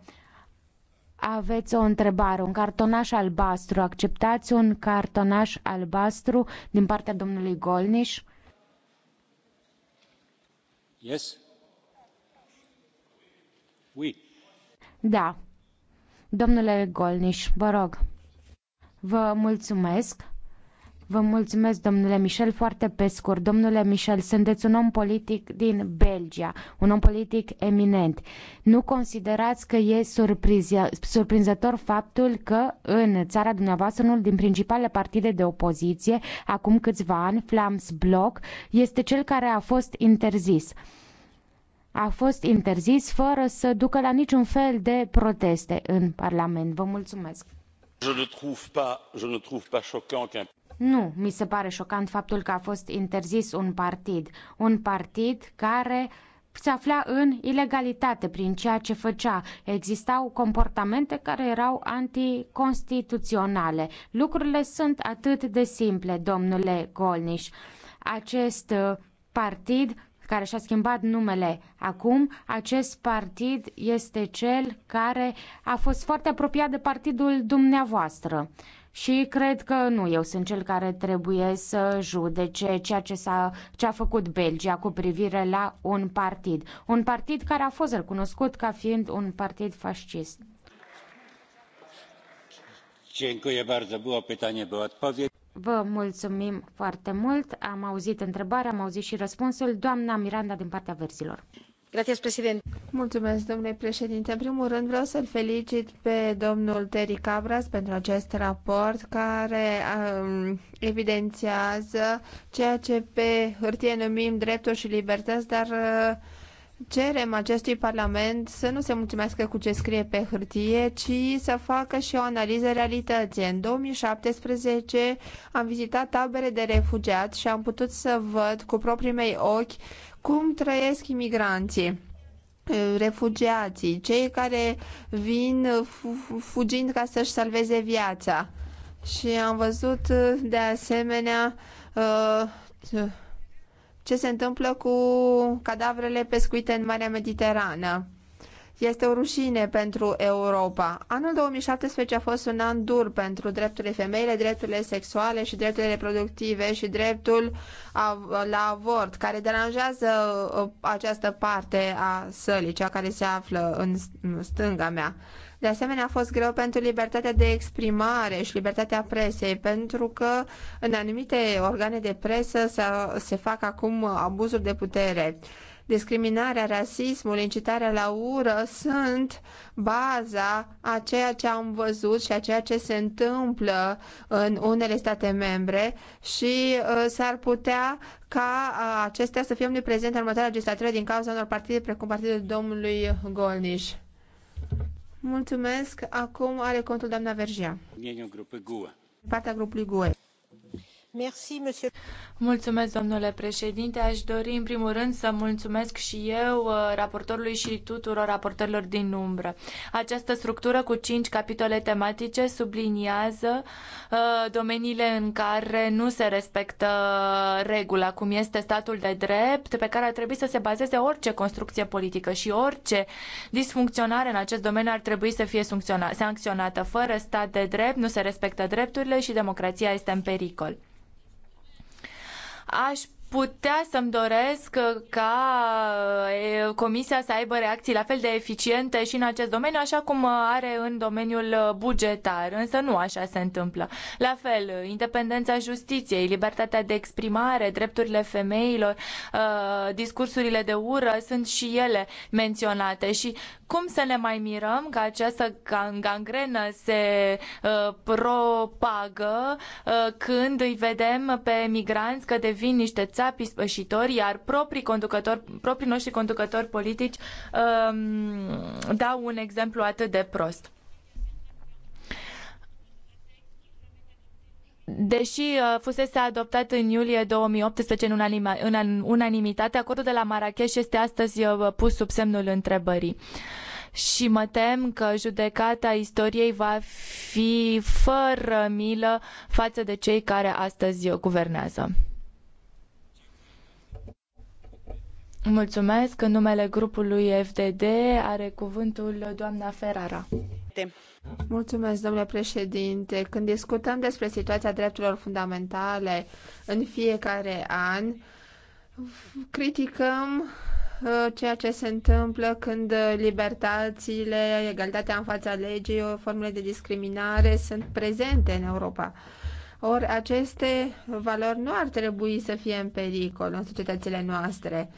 S1: aveți o întrebare, un cartonaș albastru. Acceptați un cartonaș albastru din partea domnului Golniș?
S2: Yes. Oui.
S1: Da. Domnule Golniș, vă rog. Vă mulțumesc. Vă mulțumesc, domnule Michel, foarte pe scurt. Domnule Michel, sunteți un om politic din Belgia, un om politic eminent. Nu considerați că e surprinzător faptul că în țara dumneavoastră unul din principalele partide de opoziție, acum câțiva ani, Flams Bloc, este cel care a fost interzis a fost interzis fără să ducă la niciun fel de proteste în Parlament. Vă mulțumesc!
S2: Je ne trouve pas, je ne trouve pas choquant qu'un
S1: nu, mi se pare șocant faptul că a fost interzis un partid, un partid care se afla în ilegalitate prin ceea ce făcea. Existau comportamente care erau anticonstituționale. Lucrurile sunt atât de simple, domnule Golniș. Acest uh, partid care și-a schimbat numele acum, acest partid este cel care a fost foarte apropiat de partidul dumneavoastră. Și cred că nu eu sunt cel care trebuie să judece ceea ce, s-a, ce a făcut Belgia cu privire la un partid. Un partid care a fost recunoscut ca fiind un partid fascist. Vă mulțumim foarte mult. Am auzit întrebarea, am auzit și răspunsul. Doamna Miranda din partea versilor. Mulțumesc, domnule președinte. În primul rând vreau să îl felicit
S3: pe domnul Terry Cabras pentru acest raport care um, evidențiază ceea ce pe hârtie numim drepturi și libertăți, dar uh, cerem acestui Parlament să nu se mulțumească cu ce scrie pe hârtie, ci să facă și o analiză realității. În 2017 am vizitat tabere de refugiați și am putut să văd cu proprii mei ochi cum trăiesc imigranții? refugiații, cei care vin fugind ca să-și salveze viața. Și am văzut de asemenea uh, ce se întâmplă cu cadavrele pescuite în Marea Mediterană. Este o rușine pentru Europa. Anul 2017 a fost un an dur pentru drepturile femeile, drepturile sexuale și drepturile reproductive și dreptul la avort, care deranjează uh, această parte a sălii, cea care se află în stânga mea. De asemenea, a fost greu pentru libertatea de exprimare și libertatea presei, pentru că în anumite organe de presă se fac acum abuzuri de putere discriminarea, rasismul, incitarea la ură sunt baza a ceea ce am văzut și a ceea ce se întâmplă în unele state membre și uh, s-ar putea ca uh, acestea să fie omniprezente în următoarea legislatură din cauza unor partide precum partidul domnului Golniș. Mulțumesc. Acum are contul doamna Vergia. partea grupului GUE.
S4: Mulțumesc, domnule președinte. Aș dori, în primul rând, să mulțumesc și eu uh, raportorului și tuturor raportorilor din umbră. Această structură cu cinci capitole tematice subliniază uh, domeniile în care nu se respectă uh, regula, cum este statul de drept, pe care ar trebui să se bazeze orice construcție politică și orice disfuncționare în acest domeniu ar trebui să fie sancționată. Fără stat de drept nu se respectă drepturile și democrația este în pericol. Aș putea să-mi doresc ca Comisia să aibă reacții la fel de eficiente și în acest domeniu, așa cum are în domeniul bugetar, însă nu așa se întâmplă. La fel, independența justiției, libertatea de exprimare, drepturile femeilor, uh, discursurile de ură sunt și ele menționate și cum să ne mai mirăm că această gangrenă se uh, propagă uh, când îi vedem pe migranți că devin niște amenința ispășitori, iar proprii, conducători, proprii noștri conducători politici um, dau un exemplu atât de prost. Deși uh, fusese adoptat în iulie 2018 în, unanima, în unanimitate, acordul de la Marrakech este astăzi uh, pus sub semnul întrebării și mă tem că judecata istoriei va fi fără milă față de cei care astăzi guvernează. Mulțumesc.
S3: În numele grupului FDD are cuvântul doamna Ferrara. Mulțumesc, domnule președinte. Când discutăm despre situația drepturilor fundamentale în fiecare an, criticăm uh, ceea ce se întâmplă când libertățile, egalitatea în fața legii, formele de discriminare sunt prezente în Europa. Ori aceste valori nu ar trebui să fie în pericol în societățile noastre.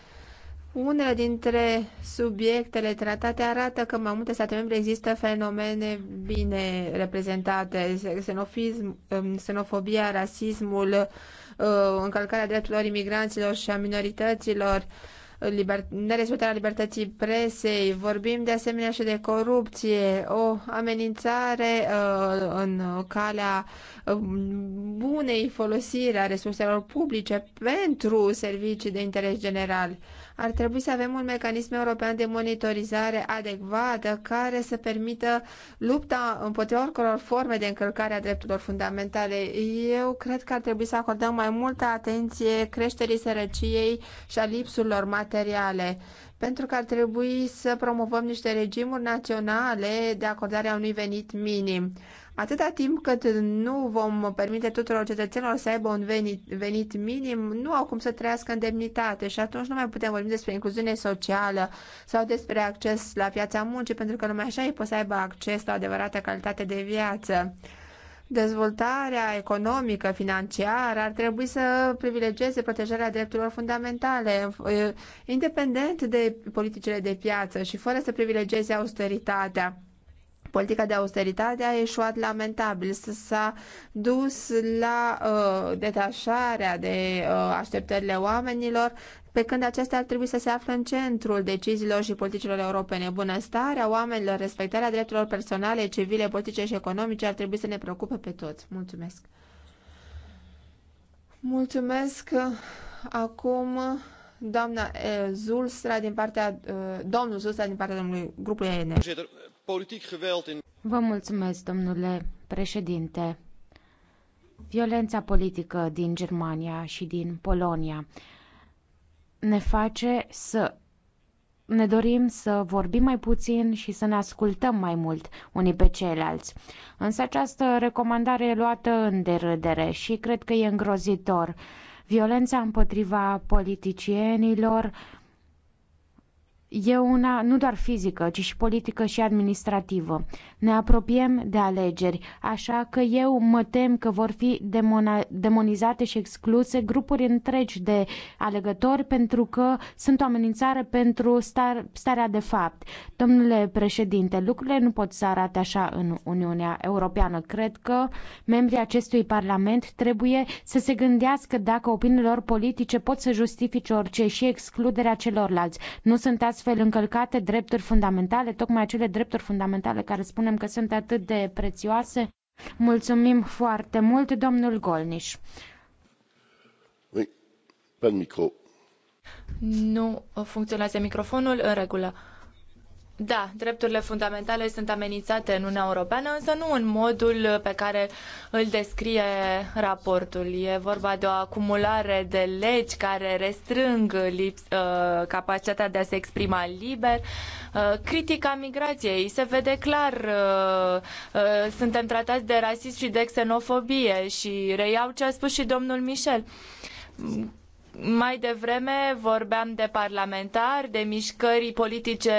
S3: Unele dintre subiectele tratate arată că mai multe state membre există fenomene bine reprezentate, xenofism, um, xenofobia, rasismul, uh, încălcarea drepturilor imigranților și a minorităților, liber, nerespectarea libertății presei, vorbim de asemenea și de corupție, o amenințare uh, în calea um, bunei folosiri a resurselor publice pentru servicii de interes general. Ar trebui să avem un mecanism european de monitorizare adecvată care să permită lupta împotriva oricăror forme de încălcare a drepturilor fundamentale. Eu cred că ar trebui să acordăm mai multă atenție creșterii sărăciei și a lipsurilor materiale pentru că ar trebui să promovăm niște regimuri naționale de acordare a unui venit minim. Atâta timp cât nu vom permite tuturor cetățenilor să aibă un venit, venit minim, nu au cum să trăiască în demnitate și atunci nu mai putem vorbi despre incluziune socială sau despre acces la piața muncii, pentru că numai așa ei pot să aibă acces la adevărată calitate de viață. Dezvoltarea economică, financiară ar trebui să privilegieze protejarea drepturilor fundamentale, independent de politicile de piață și fără să privilegieze austeritatea Politica de austeritate a eșuat lamentabil, s-a dus la uh, detașarea de uh, așteptările oamenilor, pe când acestea ar trebui să se află în centrul deciziilor și politicilor europene. Bunăstarea oamenilor, respectarea drepturilor personale, civile, politice și economice ar trebui să ne preocupe pe toți. Mulțumesc! Mulțumesc! Acum doamna eh, Zulstra
S1: din partea, eh, domnul Zulstra din partea domnului grupului ENF. Vă mulțumesc, domnule președinte. Violența politică din Germania și din Polonia ne face să ne dorim să vorbim mai puțin și să ne ascultăm mai mult unii pe ceilalți. Însă această recomandare e luată în derâdere și cred că e îngrozitor. Violența împotriva politicienilor, e una nu doar fizică, ci și politică și administrativă. Ne apropiem de alegeri, așa că eu mă tem că vor fi demona, demonizate și excluse grupuri întregi de alegători pentru că sunt o amenințare pentru star, starea de fapt. Domnule președinte, lucrurile nu pot să arate așa în Uniunea Europeană. Cred că membrii acestui parlament trebuie să se gândească dacă opiniile lor politice pot să justifice orice și excluderea celorlalți. Nu sunt astfel astfel încălcate drepturi fundamentale, tocmai acele drepturi fundamentale care spunem că sunt atât de prețioase. Mulțumim foarte mult, domnul Golniș.
S4: Oui, pas
S2: de micro.
S1: Nu funcționează
S4: microfonul în regulă. Da, drepturile fundamentale sunt amenințate în Uniunea Europeană, însă nu în modul pe care îl descrie raportul. E vorba de o acumulare de legi care restrâng lips, uh, capacitatea de a se exprima liber. Uh, critica migrației se vede clar. Uh, uh suntem tratați de rasism și de xenofobie și reiau ce a spus și domnul Michel mai devreme vorbeam de parlamentari, de mișcări politice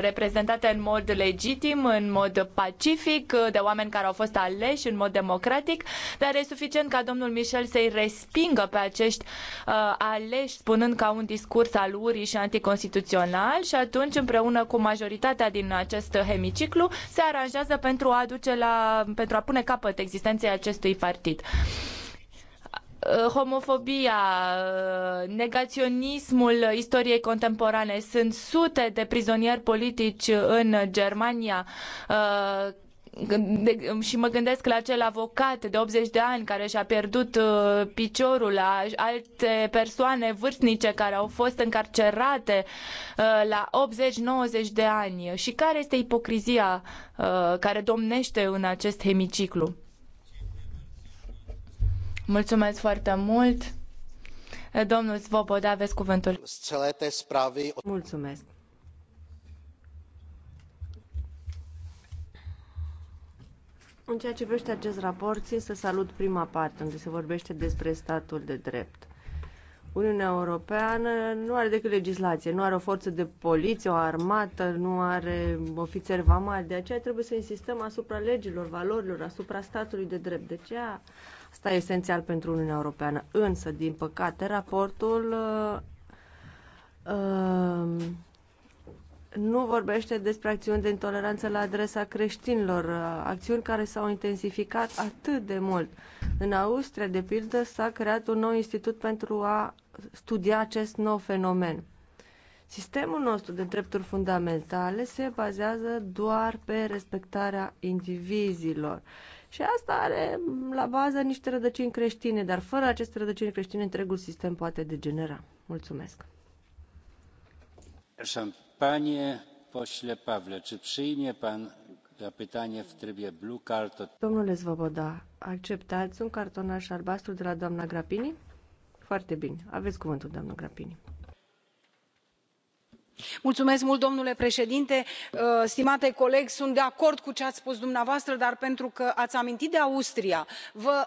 S4: reprezentate în mod legitim, în mod pacific, de oameni care au fost aleși în mod democratic, dar e suficient ca domnul Michel să-i respingă pe acești uh, aleși, spunând că au un discurs al urii și anticonstituțional și atunci, împreună cu majoritatea din acest hemiciclu, se aranjează pentru a, aduce la, pentru a pune capăt existenței acestui partid. Uh, Uh, homofobia, uh, negaționismul istoriei contemporane. Sunt sute de prizonieri politici în Germania uh, și mă gândesc la acel avocat de 80 de ani care și-a pierdut piciorul, la alte persoane vârstnice care au fost încarcerate la 80-90 de ani. Și care este ipocrizia care domnește în acest hemiciclu? Mulțumesc foarte mult. Domnul Svoboda, aveți cuvântul. Mulțumesc.
S6: În ceea ce privește acest raport, țin să salut prima parte, unde se vorbește despre statul de drept. Uniunea Europeană nu are decât legislație, nu are o forță de poliție, o armată, nu are ofițeri vamali. De aceea trebuie să insistăm asupra legilor, valorilor, asupra statului de drept. De aceea Asta e esențial pentru Uniunea Europeană. Însă, din păcate, raportul uh, uh, nu vorbește despre acțiuni de intoleranță la adresa creștinilor, uh, acțiuni care s-au intensificat atât de mult. În Austria, de pildă, s-a creat un nou institut pentru a studia acest nou fenomen. Sistemul nostru de drepturi fundamentale se bazează doar pe respectarea indivizilor și asta are la bază niște rădăcini creștine, dar fără aceste rădăcini creștine, întregul sistem poate degenera. Mulțumesc.
S2: Panie pośle Pawle, czy przyjmie pan la w trybie blue card?
S6: Domnule Zvoboda, acceptați un cartonaș albastru de la
S5: doamna Grapini? Foarte bine. Aveți cuvântul, doamna Grapini domnule președinte uh, stimate coleg sunt de acord cu ce ați spus dumneavoastră dar pentru că ați amintit de austria vă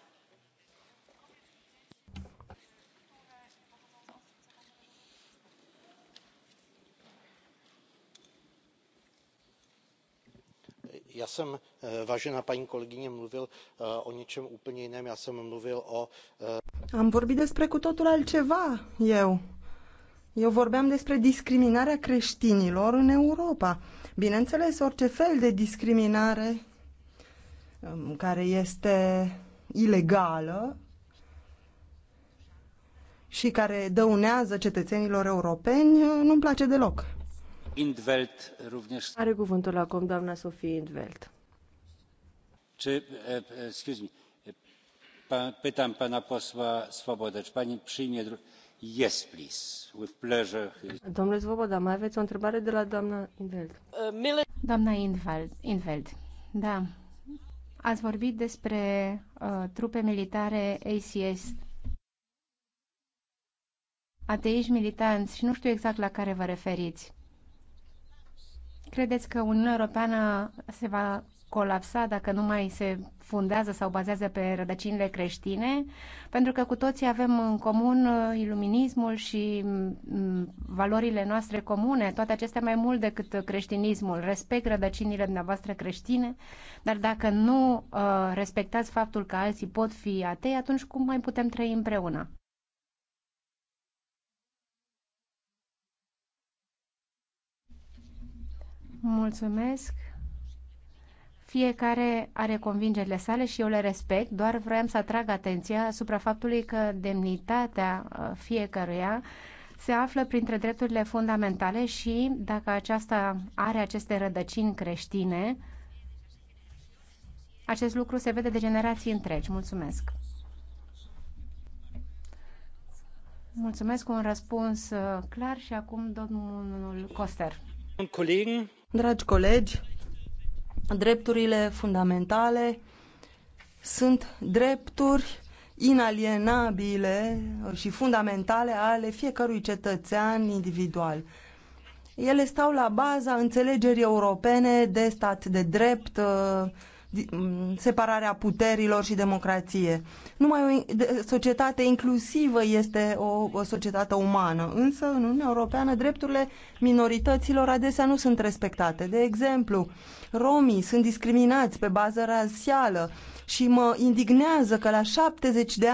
S2: já jsem eh, vážená paní kolegyně mluvil eh, o něčem úplně jiném já jsem mluvil o. Eh,
S6: am vorbit despre cu totul altceva eu. Eu vorbeam despre discriminarea creștinilor în Europa. Bineînțeles, orice fel de discriminare um, care este ilegală și care dăunează cetățenilor europeni nu-mi place deloc.
S2: In -Veld, również...
S6: Are cuvântul acum doamna Sofie Intveld.
S2: Czy, excuse pytam pana posła Swobodę, czy pani przyjmie... Yes, please, with pleasure.
S6: Domnule Svoboda, mai aveți o întrebare de la doamna Intveld. Doamna Intveld, Intveld,
S5: da, ați vorbit despre uh, trupe militare ACS ateiști militanți și nu știu exact la care vă referiți. Credeți că Uniunea Europeană se va colapsa dacă nu mai se fundează sau bazează pe rădăcinile creștine, pentru că cu toții avem în comun uh, iluminismul și mm, valorile noastre comune, toate acestea mai mult decât creștinismul. Respect rădăcinile dumneavoastră creștine, dar dacă nu uh, respectați faptul că alții pot fi atei, atunci cum mai putem trăi împreună? Mulțumesc. Fiecare are convingerile sale și eu le respect, doar vreau să atrag atenția asupra faptului că demnitatea uh, fiecăruia se află printre drepturile fundamentale și dacă aceasta are aceste rădăcini creștine, acest lucru se vede de generații întregi. Mulțumesc. Mulțumesc cu un răspuns uh, clar și acum domnul Coster. Dragi colegi,
S6: drepturile fundamentale sunt drepturi inalienabile și fundamentale ale fiecărui cetățean individual. Ele stau la baza înțelegerii europene de stat de drept, separarea puterilor și democrație. Numai o societate inclusivă este o, o societate umană, însă în Uniunea Europeană drepturile minorităților adesea nu sunt respectate. De exemplu, romii sunt discriminați pe bază rasială și mă indignează că la 70 de ani